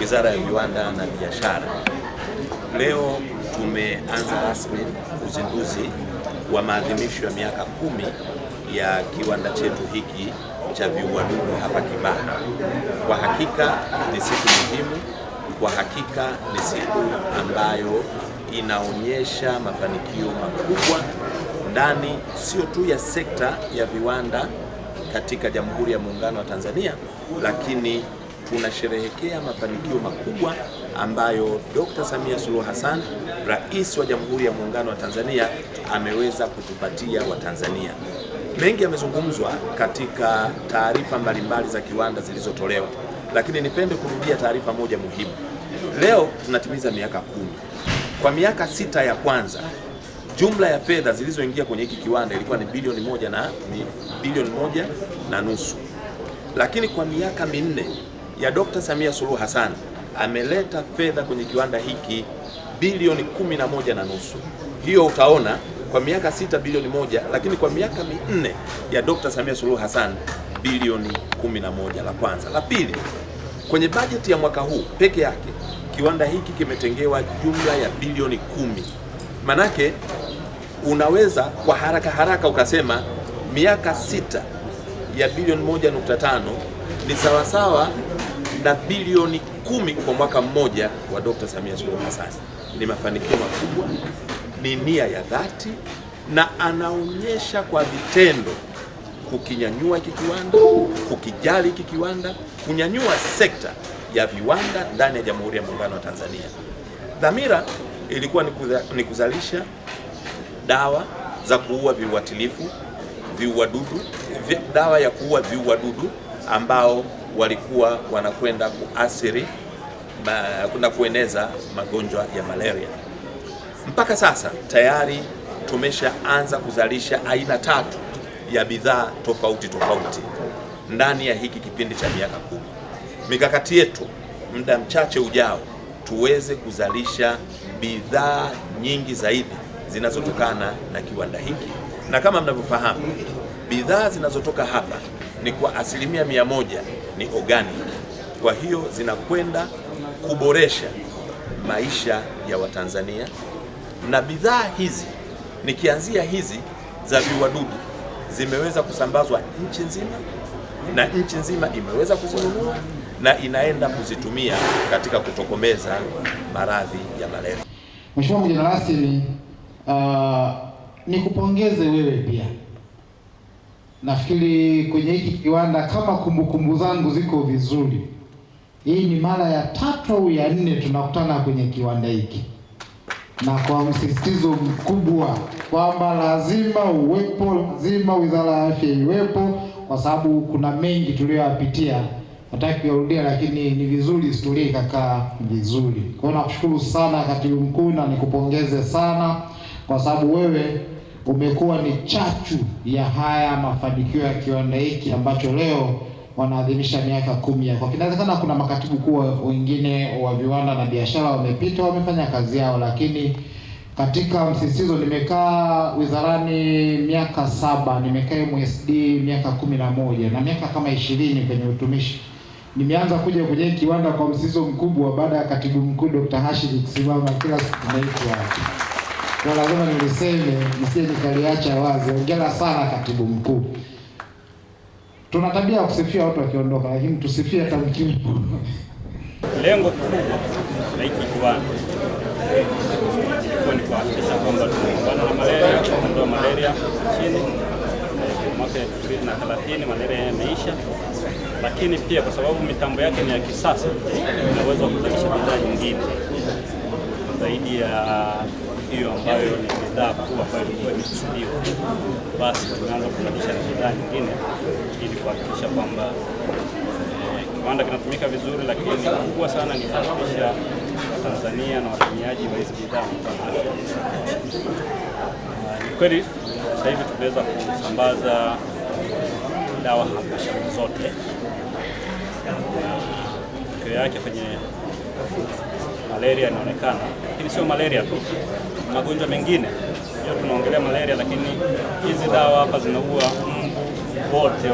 Wizara ya Viwanda na Biashara. Leo tumeanza rasmi uzinduzi wa maadhimisho ya miaka kumi ya kiwanda chetu hiki cha viuadudu hapa Kibaha. Kwa hakika ni siku muhimu, kwa hakika ni siku ambayo inaonyesha mafanikio makubwa ndani sio tu ya sekta ya viwanda katika Jamhuri ya Muungano wa Tanzania lakini tunasherehekea mafanikio makubwa ambayo Dkt. Samia Suluhu Hassan, Rais wa Jamhuri ya Muungano wa Tanzania, ameweza kutupatia Watanzania. Mengi yamezungumzwa katika taarifa mbalimbali za kiwanda zilizotolewa, lakini nipende kurudia taarifa moja muhimu. Leo tunatimiza miaka kumi. Kwa miaka sita ya kwanza jumla ya fedha zilizoingia kwenye hiki kiwanda ilikuwa ni bilioni moja na ni bilioni moja na nusu, lakini kwa miaka minne ya Dr. Samia Suluhu Hassan ameleta fedha kwenye kiwanda hiki bilioni kumi na moja na nusu. Hiyo utaona kwa miaka sita bilioni moja, lakini kwa miaka minne ya Dr. Samia Suluhu Hassan bilioni kumi na moja. La kwanza. La pili, kwenye bajeti ya mwaka huu peke yake kiwanda hiki kimetengewa jumla ya bilioni kumi. Manake unaweza kwa haraka haraka ukasema miaka sita ya bilioni moja nukta tano ni sawasawa na bilioni kumi kwa mwaka mmoja wa Dr. Samia Suluhu Hassan. Ni mafanikio makubwa, ni nia ya dhati na anaonyesha kwa vitendo kukinyanyua hiki kiwanda, kukijali hiki kiwanda, kunyanyua sekta ya viwanda ndani ya Jamhuri ya Muungano wa Tanzania. Dhamira ilikuwa ni kuzalisha dawa za kuua viuatilifu, viuadudu, dawa ya kuua viuadudu ambao walikuwa wanakwenda kuathiri na kueneza magonjwa ya malaria. Mpaka sasa tayari tumeshaanza kuzalisha aina tatu ya bidhaa tofauti tofauti ndani ya hiki kipindi cha miaka kumi. Mikakati yetu muda mchache ujao tuweze kuzalisha bidhaa nyingi zaidi zinazotokana na kiwanda hiki, na kama mnavyofahamu bidhaa zinazotoka hapa ni kwa asilimia mia moja ni organic. Kwa hiyo zinakwenda kuboresha maisha ya Watanzania, na bidhaa hizi nikianzia hizi za viwadudu zimeweza kusambazwa nchi nzima, na nchi nzima imeweza kuzinunua na inaenda kuzitumia katika kutokomeza maradhi ya malaria. Mheshimiwa mgeni rasmi, uh, nikupongeze wewe pia Nafikiri kwenye hiki kiwanda kama kumbukumbu zangu ziko vizuri, hii ni mara ya tatu au ya nne tunakutana kwenye kiwanda hiki, na kwa msisitizo mkubwa kwamba lazima uwepo, lazima wizara ya afya iwepo, kwa sababu kuna mengi tuliyoyapitia, nataki kuyarudia, lakini ni vizuri historia ikakaa vizuri. Kwa hiyo nakushukuru sana katibu mkuu, na nikupongeze sana kwa sababu wewe umekuwa ni chachu ya haya mafanikio ya kiwanda hiki ambacho leo wanaadhimisha miaka kumi Kwa Kinawezekana kuna makatibu kuu wengine wa viwanda na biashara wamepita, wamefanya kazi yao, lakini katika msisitizo, nimekaa wizarani miaka saba, nimekaa MSD miaka kumi na moja na miaka kama ishirini kwenye utumishi. Nimeanza kuja kwenye kiwanda kwa msisitizo mkubwa baada ya katibu mkuu Dr. Hashid kusimama kila siku naitwa na lazima niliseme, nisije nikaliacha wazi. Hongera sana katibu mkuu. Tuna tabia ya kusifia watu wakiondoka, lakini tusifie hata mkimpo. Lengo kubwa la hiki kiwanda ni kuhakikisha kwamba tunapambana na malaria, kuondoa malaria nchini mwaka elfu mbili na thelathini malaria yameisha, lakini pia kwa sababu mitambo yake ni ya kisasa, inaweza kuzalisha bidhaa nyingine zaidi ya hiyo ambayo ni bidhaa kubwa ambayo ilikuwa imekusudiwa, basi tumeanza kuzalisha na bidhaa nyingine ili kuhakikisha kwamba eh, kiwanda kinatumika vizuri, lakini kubwa sana ni kuhakikisha Watanzania na watumiaji wa hizi bidhaa ah, ni kweli. Sasa hivi tunaweza kusambaza dawa halmashauri zote, ah, matokeo yake kwenye malaria inaonekana, lakini sio malaria tu, magonjwa mengine pia Tunaongelea malaria, lakini hizi dawa hapa zinaua mbu wote.